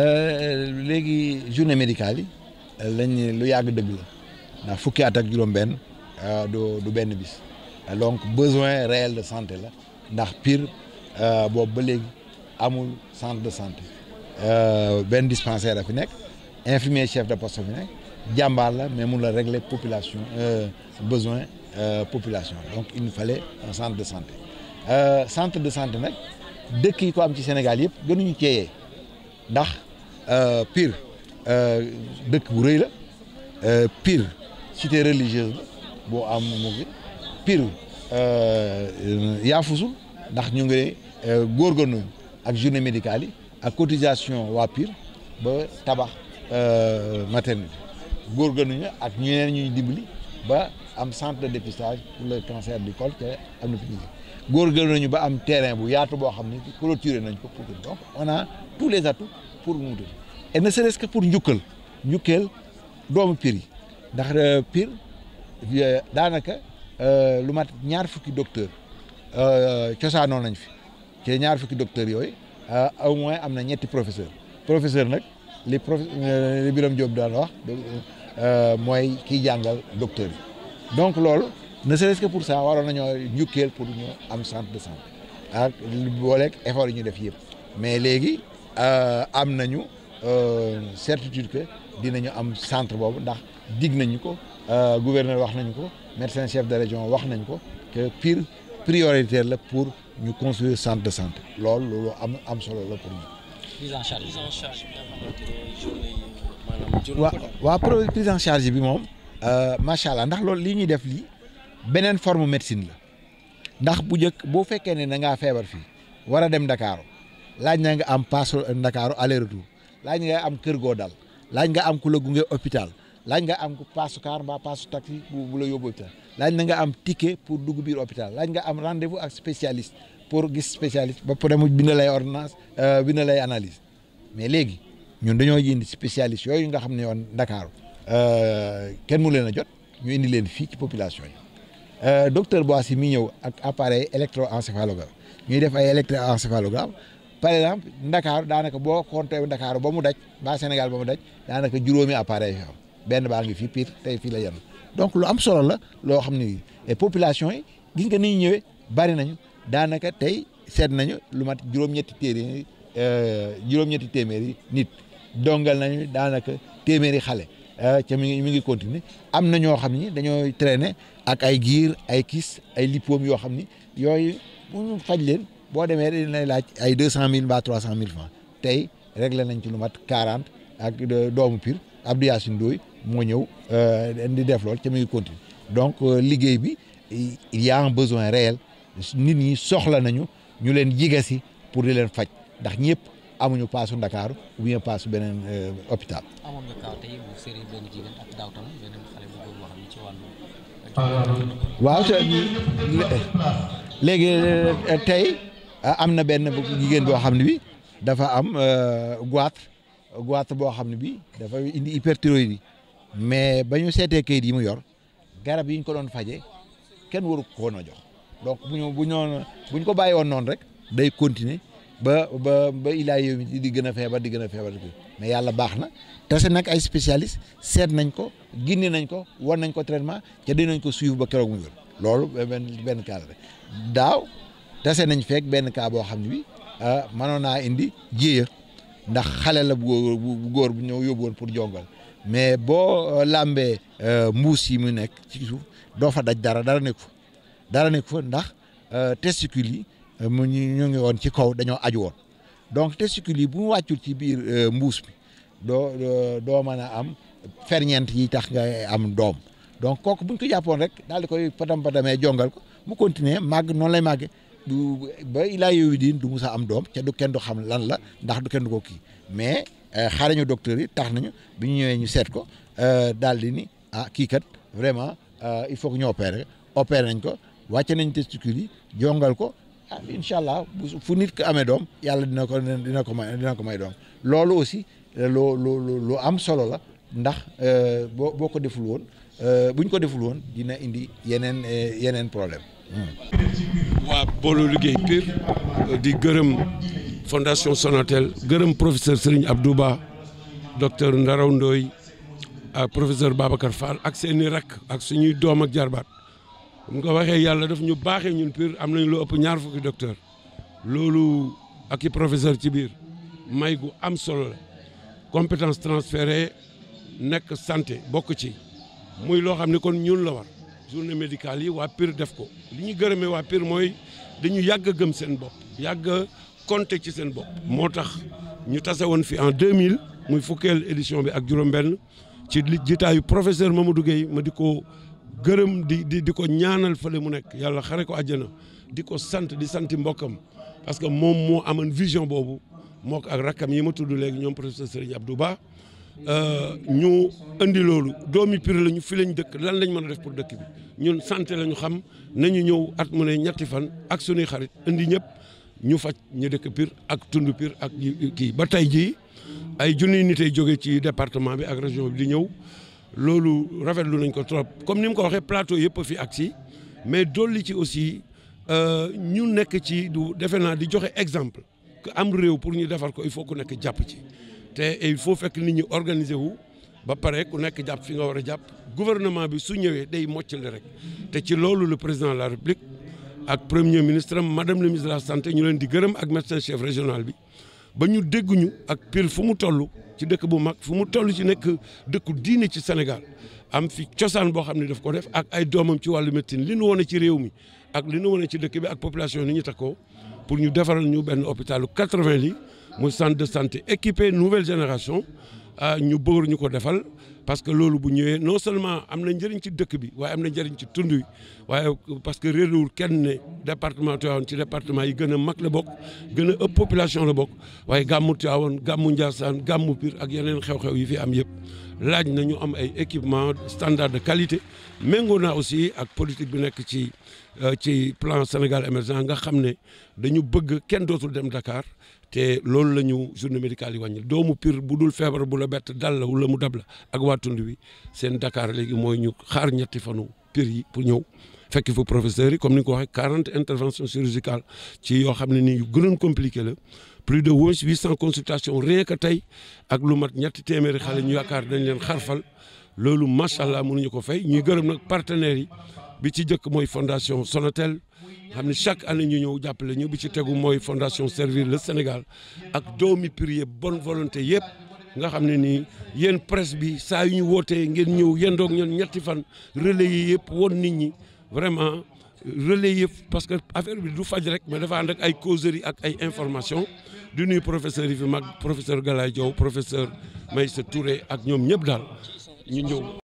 Euh, léegi journée médical yi euh, lañ lu yàgg dëgg la ndax fukki at ak juróom-benn euh, du benn bis donc besoin réel de santé la ndax Pire boobu ba léegi amul centre de santé benn dispensaire a fi nekk infirmier chef de poste fi nekk jàmbaar la mais mun la régler population besoin population donc il nous fallait un centre de santé centre de santé nag dëkk yi ko am ci Sénégal yëpp gënuñu ceeyee ndax Euh, pire euh, dëkk bu rëy la euh, Pire cité religieuse boo am mu ngi Pire yaafusul ndax ñu ngi góorgóorlu ak journée médicale yi ak cotisation waa Pire ba tabax maternité góorgóorlu ñu ak ñeneen ñuy dimbali ba am centre de dépistage pour le cancer du col te am na fi ñu góorgóorlu nañu ba am terrain bu yaatu boo xam ne clôturé nañ ko pour donc on a tous les atouts. pour mu e et que pour njukkal njukkal doomu Pire yi ndax euh, Pire euh, daanaka euh, lu mat ñaar fukki docteur cosaanoo nañ fi ci ñaar fukki docteur yooyu aw moins am na ñetti professeur professeur nag li prof li Birame Diop daan wax mooy kiy jàngal docteur yi donc loolu ne serait que pour ça waroon nañoo njukkeel pour ñu am centre de santé ak booleeg effort yi ñu def yëpp mais léegi Euh, am nañu euh, certitude que dinañu am centre boobu ndax dig nañu ko euh, gouverneur wax nañu ko médecin chef de région wax nañ ko que pire prioritaire la pour ñu construire centre de santé loolu loolu am solo la pour ñu. prise en charge bi moom macha allah ndax loolu lii ñuy def lii beneen forme médecine la ndax bu njëkk boo fekkee ne da ngaa feebar fii war a dem ndakaaru laaj na nga am passe Ndakaaru aller retour laaj nga am kër goo dal laaj nga am ku la gunge hôpital laaj nga am passe car mbaa passe taxi bu la yóbbu hôpital laaj na nga am ticket pour dugg biir hôpital laaj nga am rendez-vous ak spécialiste pour gis spécialiste ba pare mu bind lay ordonnance euh, bind lay analyse mais léegi ñun dañoo indi spécialiste yooyu nga xam ne yoon Ndakaaru euh, kenn mu leen a jot ñu indi leen fii ci population yi euh, docteur Boissy mi ñëw ak appareil électroencéphalogramme ñuy def ay électroencéphalogramme par exemple Ndakaaru daanaka boo compté Ndakaaru ba mu daj ba Sénégal ba mu daj daanaka juróomi appareil yi am benn baa ngi fi Pire tey fii la yenn donc lu am solo la loo xam ni et population yi gis nga ni ñëwee bari nañu daanaka tey seet nañu lu mat juróom-ñetti téeméeri euh, juróom téeméeri nit dongal nañu daanaka téeméeri xale euh, ca mi ngi mi ngi continuer am na ñoo xam ni dañoo traîner ak ay giir ay kiis ay lipoom yoo xam ni yooyu mu faj leen. boo demee dañ lay laaj ay deux cent mille ba trois cent mille francs tey réglé nañ ci lu mat quarante ak euh, doomu Pire Abdou Yassine Ndoye moo ñëw euh, di def lool ci mi ngi continue donc euh, liggéey bi il y a besoin réel nit ñi soxla nañu ñu leen jigasi pour di leen faj ndax ñëpp amuñu paasu Ndakaaru ou bien paasu beneen hôpital. amoon nga kaw ah, léegi tey. Euh, am na benn jigéen boo xam ne bi dafa am euh, goitre goitre boo xam ne bi dafa indi hyperthyroïdie bi mais ba ñu seetee kayit yi mu yor garab yi ñu ko doon faje kenn waru ko woon a jox donc bu bu ñu bu ko bàyyi woon noonu rek day continuer ba ba ba ilaa yow mi di gën a feebar di gën a feebar mais yàlla baax na tase nag ay spécialiste seet nañ ko gindi nañ ko wan nañ ko traitement ca dinañ ko suivre ba keroog mu wér tese nañ feek benn cas boo xam ne bi ah, mënoon naa indi jéeya ndax xale la bu góor bu góor bu ñëw yóbbu woon pour jongal mais boo euh, làmbee euh, mbuus yi mu nekk ci suuf doo fa daj dara dara nekk fa dara nekk fa ndax euh, testicules yi mu ñu ngi woon ci kaw dañoo aju woon donc testicules yi bu mu wàccul ci biir mbuus bi doo doo mën a am ferñeent yi tax nga am doom donc kooku bu ko jàppoon rek daal di koy patam patamee jongal ko mu continuer màgg noonu lay màggee du ba ilaa yow diin du mus am doom ca du kenn du xam lan la ndax du kenn du ko kii mais euh, xarañu docteur yi tax nañu bi ñu ñëwee ñu seet ko euh, daal di ni ah kii kat vraiment euh, il faut que ñu opéré opéré nañ ko wàcce nañ testicule yi jongal ko ah allah bu fu nit ko amee doom yàlla dina ko dina ko may dina ko may doom loolu aussi loo loo lu am solo la ndax boo boo ko deful woon bu ñu ko deful woon dina indi yeneen yeneen problème. Hmm. waa boolu liggéey piir di gërëm fondation Sonatel gërëm professeur Serigne Abdou Ba docteur Ndaraw Ndoy ak professeur Babacar Fall ak seen seeni rakk ak suñuy doom ak jarbaat bu nga waxee yàlla def ñu baaxee ñun piir am nañ lu ëpp ñaar fukki docteur loolu ak i professeur ci biir may gu am solo la compétence transférée nekk santé bokk ci muy loo xam ne kon ñun la journée médicale yi waa PUR def ko li ñu gërëmee waa piir mooy dañu yàgg gëm seen bopp yàgg a compter ci seen bopp. moo tax ñu tase woon fi en 2000 muy fukkeel édition bi ak juróom-benn ci li jitaayu ma Mamadou Guèye ma di ko gërëm di di di ko ñaanal fële mu nekk yàlla xare ko àjjana di ko sant di santi mbokkam parce que moom moo amoon vision boobu moo ak rakkam yi ma tudd léegi ñoom professeur Serigne du Ba. Euh, ñu indi loolu doomi Pire la ñu fi lañ dëkk lan lañ mën a def pour dëkk bi ñun santé la ñu xam nañu ñëw at mu ne ñetti fan ak sunuy xarit indi ñëpp ñu faj ñu dëkk Pire ak tund Pire ak kii ba tey jii ay junniy nit ay jóge ci département bi ak région bi di ñëw loolu rafetlu nañ ko trop comme ni mu ko waxee plateau yëpp a ak agsi mais dolli ci aussi euh, ñu nekk ci du defe naa di joxe exemple que am réew pour ñu defar ko il faut ku nekk jàpp ci. te il faut fekk nit ñi organiser wu ba pare ku nekk jàpp fi nga war a jàpp gouvernement bi su ñëwee day moccali rek te ci loolu le président la république ak premier ministre madame le ministre de la santé ñu leen di gërëm ak médecin chef régional bi ba ñu dégg ak Pire fu mu toll ci dëkk bu mag fu mu toll ci nekk dëkku diine ci Sénégal am fi cosaan boo xam ne daf ko def ak ay doomam ci wàllu médecine li nu wane ci réew mi ak li nu wane ci dëkk bi ak population ni ñu takkoo pour ñu defaral ñu benn hôpitalu 80 lits mu centre de santé équipé nouvelle génération Ah, ñu bëggoon ñu ko defal parce que loolu bu ñëwee non seulement am na njëriñ ci dëkk bi waaye am na njëriñ ci tund wi waaye parce que réerewul kenn ne département Tivaouane ci département yi gën a mag la bokk gën a ëpp population la bokk waaye gàmmu Tivaouane gàmmu Ndiassane gàmmu Pire ak yeneen xew-xew yi fi am yëpp laaj na ñu am ay équipement standard de qualité méngoo naa aussi ak politique bi nekk ci euh, ci plan Sénégal émergent nga xam ne dañu bëgg kenn dootul dem Dakar te loolu la ñu journée médicale yi wàññil doomu Pire bu dul feebar bu la bett dal la mu dab la ak waa tund bi seen Dakar léegi mooy ñu xaar ñetti fanu Pire yi pour ñëw fekk fa professeurs yi comme ni nga ko waxee quarante interventions chirurgicales ci yoo xam ne nii yu gënoon compliqué la plus de huit cent consultations rien que tey ak lu mat ñetti téeméeri xale ñu yaakaar dañ leen fal loolu macha allah mënuñu ko fay ñuy gërëm nag partenaires yi bi ci jëkk mooy fondation Sonatel. xam ne chaque année ñu ñëw jàppale ñu bi ci tegu mooy fondation Servir le Sénégal ak doomi prier bon volonté yëpp nga xam ne nii yéen presse bi saa yu ñu wootee ngeen ñëw yendoog ñoom ñetti fan relais yi yëpp woon nit ñi vraiment relais yëpp parce que affaire bi du faj rek mais dafa ànd ak ay causerie ak ay information du nuyu professeur yi fi mag professeur Galaye Diaw professeur Maïssa Touré ak ñoom ñëpp daal ñu ñëw